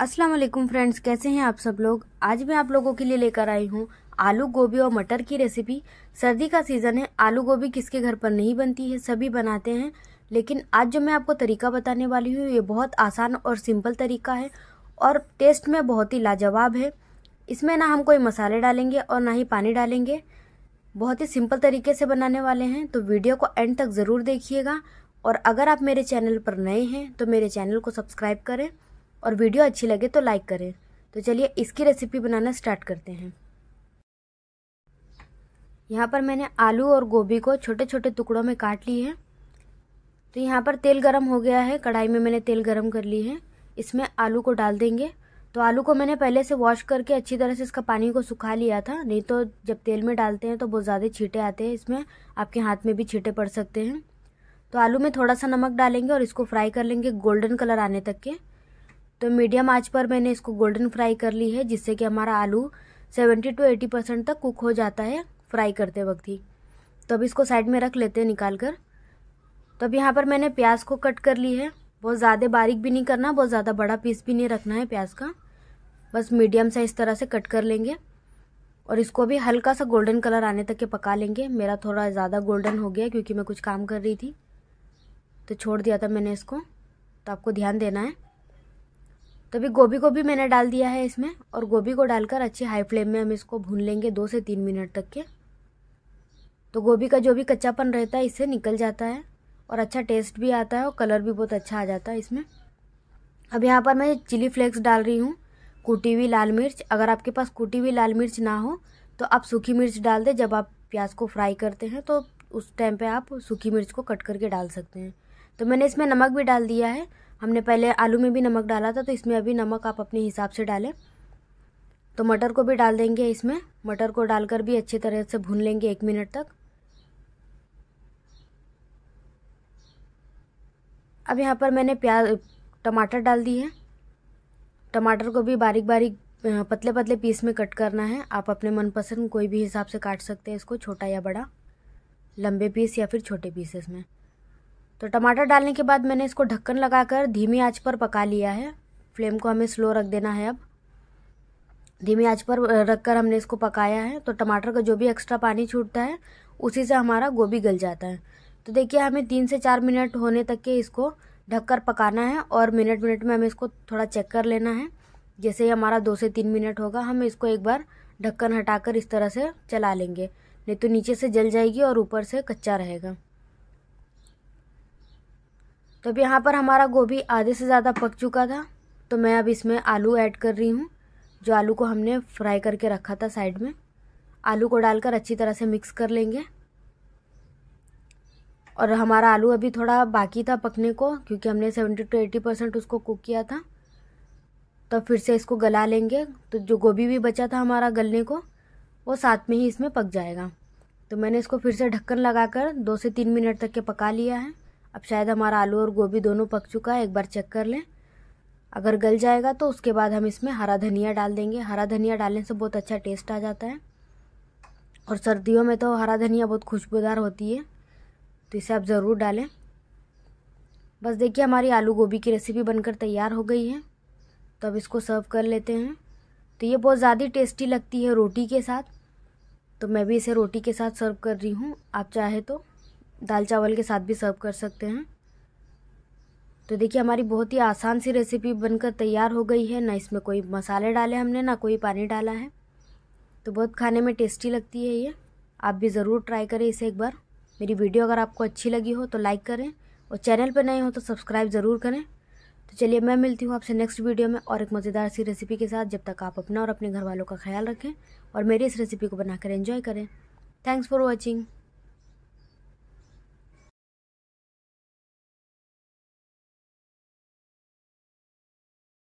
अस्सलाम वालेकुम फ्रेंड्स कैसे हैं आप सब लोग आज मैं आप लोगों के लिए लेकर आई हूँ आलू गोभी और मटर की रेसिपी सर्दी का सीज़न है आलू गोभी किसके घर पर नहीं बनती है सभी बनाते हैं लेकिन आज जो मैं आपको तरीका बताने वाली हूँ ये बहुत आसान और सिंपल तरीका है और टेस्ट में बहुत ही लाजवाब है इसमें ना हम कोई मसाले डालेंगे और ना ही पानी डालेंगे बहुत ही सिंपल तरीके से बनाने वाले हैं तो वीडियो को एंड तक ज़रूर देखिएगा और अगर आप मेरे चैनल पर नए हैं तो मेरे चैनल को सब्सक्राइब करें और वीडियो अच्छी लगे तो लाइक करें तो चलिए इसकी रेसिपी बनाना स्टार्ट करते हैं यहाँ पर मैंने आलू और गोभी को छोटे छोटे टुकड़ों में काट लिए है तो यहाँ पर तेल गरम हो गया है कढ़ाई में मैंने तेल गरम कर ली है इसमें आलू को डाल देंगे तो आलू को मैंने पहले से वॉश करके अच्छी तरह से इसका पानी को सुखा लिया था नहीं तो जब तेल में डालते हैं तो बहुत ज़्यादा छीटे आते हैं इसमें आपके हाथ में भी छीटे पड़ सकते हैं तो आलू में थोड़ा सा नमक डालेंगे और इसको फ्राई कर लेंगे गोल्डन कलर आने तक के तो मीडियम आंच पर मैंने इसको गोल्डन फ्राई कर ली है जिससे कि हमारा आलू 70 टू 80 परसेंट तक कुक हो जाता है फ्राई करते वक्त ही तो अब इसको साइड में रख लेते हैं निकाल कर तो अब यहाँ पर मैंने प्याज को कट कर ली है बहुत ज़्यादा बारीक भी नहीं करना बहुत ज़्यादा बड़ा पीस भी नहीं रखना है प्याज का बस मीडियम साइज तरह से कट कर लेंगे और इसको भी हल्का सा गोल्डन कलर आने तक के पका लेंगे मेरा थोड़ा ज़्यादा गोल्डन हो गया क्योंकि मैं कुछ काम कर रही थी तो छोड़ दिया था मैंने इसको तो आपको ध्यान देना है तो अभी गोभी को भी मैंने डाल दिया है इसमें और गोभी को डालकर अच्छे हाई फ्लेम में हम इसको भून लेंगे दो से तीन मिनट तक के तो गोभी का जो भी कच्चापन रहता है इससे निकल जाता है और अच्छा टेस्ट भी आता है और कलर भी बहुत अच्छा आ जाता है इसमें अब यहाँ पर मैं चिली फ्लेक्स डाल रही हूँ कूटी हुई लाल मिर्च अगर आपके पास कूटी हुई लाल मिर्च ना हो तो आप सूखी मिर्च डाल दें जब आप प्याज को फ्राई करते हैं तो उस टाइम पे आप सूखी मिर्च को कट करके डाल सकते हैं तो मैंने इसमें नमक भी डाल दिया है हमने पहले आलू में भी नमक डाला था तो इसमें अभी नमक आप अपने हिसाब से डालें तो मटर को भी डाल देंगे इसमें मटर को डालकर भी अच्छी तरह से भून लेंगे एक मिनट तक अब यहाँ पर मैंने प्याज टमाटर डाल दी है टमाटर को भी बारीक बारीक पतले पतले पीस में कट करना है आप अपने मनपसंद कोई भी हिसाब से काट सकते हैं इसको छोटा या बड़ा लंबे पीस या फिर छोटे पीसेस में तो टमाटर डालने के बाद मैंने इसको ढक्कन लगाकर धीमी आंच पर पका लिया है फ्लेम को हमें स्लो रख देना है अब धीमी आंच पर रखकर हमने इसको पकाया है तो टमाटर का जो भी एक्स्ट्रा पानी छूटता है उसी से हमारा गोभी गल जाता है तो देखिए हमें तीन से चार मिनट होने तक के इसको ढककर पकाना है और मिनट मिनट में हमें इसको थोड़ा चेक कर लेना है जैसे ही हमारा दो से तीन मिनट होगा हम इसको एक बार ढक्कन हटाकर इस तरह से चला लेंगे नहीं तो नीचे से जल जाएगी और ऊपर से कच्चा रहेगा तो अब यहाँ पर हमारा गोभी आधे से ज़्यादा पक चुका था तो मैं अब इसमें आलू ऐड कर रही हूँ जो आलू को हमने फ्राई करके रखा था साइड में आलू को डालकर अच्छी तरह से मिक्स कर लेंगे और हमारा आलू अभी थोड़ा बाकी था पकने को क्योंकि हमने सेवेंटी टू एटी परसेंट उसको कुक किया था तो फिर से इसको गला लेंगे तो जो गोभी भी बचा था हमारा गलने को वो साथ में ही इसमें पक जाएगा तो मैंने इसको फिर से ढक्कन लगाकर दो से तीन मिनट तक के पका लिया है अब शायद हमारा आलू और गोभी दोनों पक चुका है एक बार चेक कर लें अगर गल जाएगा तो उसके बाद हम इसमें हरा धनिया डाल देंगे हरा धनिया डालने से बहुत अच्छा टेस्ट आ जाता है और सर्दियों में तो हरा धनिया बहुत खुशबूदार होती है तो इसे आप ज़रूर डालें बस देखिए हमारी आलू गोभी की रेसिपी बनकर तैयार हो गई है तो अब इसको सर्व कर लेते हैं तो ये बहुत ज़्यादा टेस्टी लगती है रोटी के साथ तो मैं भी इसे रोटी के साथ सर्व कर रही हूँ आप चाहे तो दाल चावल के साथ भी सर्व कर सकते हैं तो देखिए हमारी बहुत ही आसान सी रेसिपी बनकर तैयार हो गई है ना इसमें कोई मसाले डाले हमने ना कोई पानी डाला है तो बहुत खाने में टेस्टी लगती है ये आप भी ज़रूर ट्राई करें इसे एक बार मेरी वीडियो अगर आपको अच्छी लगी हो तो लाइक करें और चैनल पर नए हो तो सब्सक्राइब ज़रूर करें तो चलिए मैं मिलती हूँ आपसे नेक्स्ट वीडियो में और एक मज़ेदार सी रेसिपी के साथ जब तक आप अपना और अपने घर वालों का ख्याल रखें और मेरी इस रेसिपी को बनाकर एंजॉय करें थैंक्स फॉर वॉचिंग